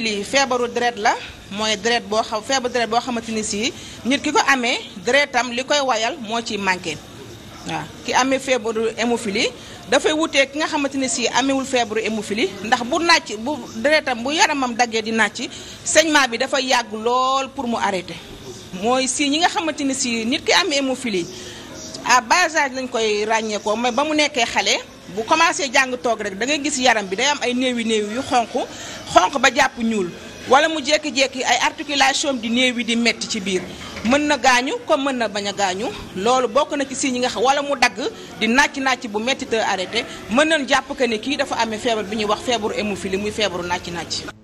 lii feebaru deret la mooy deret boo xam feebaru deret boo xamante ni si nit ki ko amee deretam li koy wayal moo ciy manqué waaw ki amee feebaru hémophilie dafay wutee ki nga xamante ni si amewul feebaru hémophilie ndax bu nàcc bu deretam bu yaramam daggee di nàcc saignement bi dafa yàgg lool pour mu arrêté mooy si ñi nga xamante ni si nit ki amee hémophilie à bas lañ koy ràññeekoo mais ba mu nekkee xale bu commencé jàng toog rek da ngay gis yaram bi day am ay néewi néewi yu xonq xonq ba jàpp ñuul wala mu jékki-jékki ay articulation di néewi di métti ci biir mën na gaañu ko mën na bañ a gaañu loolu bokk na ci signes yi nga xam wala mu dagg di nàcc-nàcc bu métti te arrêté mën nañ jàpp que ne kii dafa amee feebar bi ñuy wax feebaru hémophilie muy feebaru nàcc-nàcc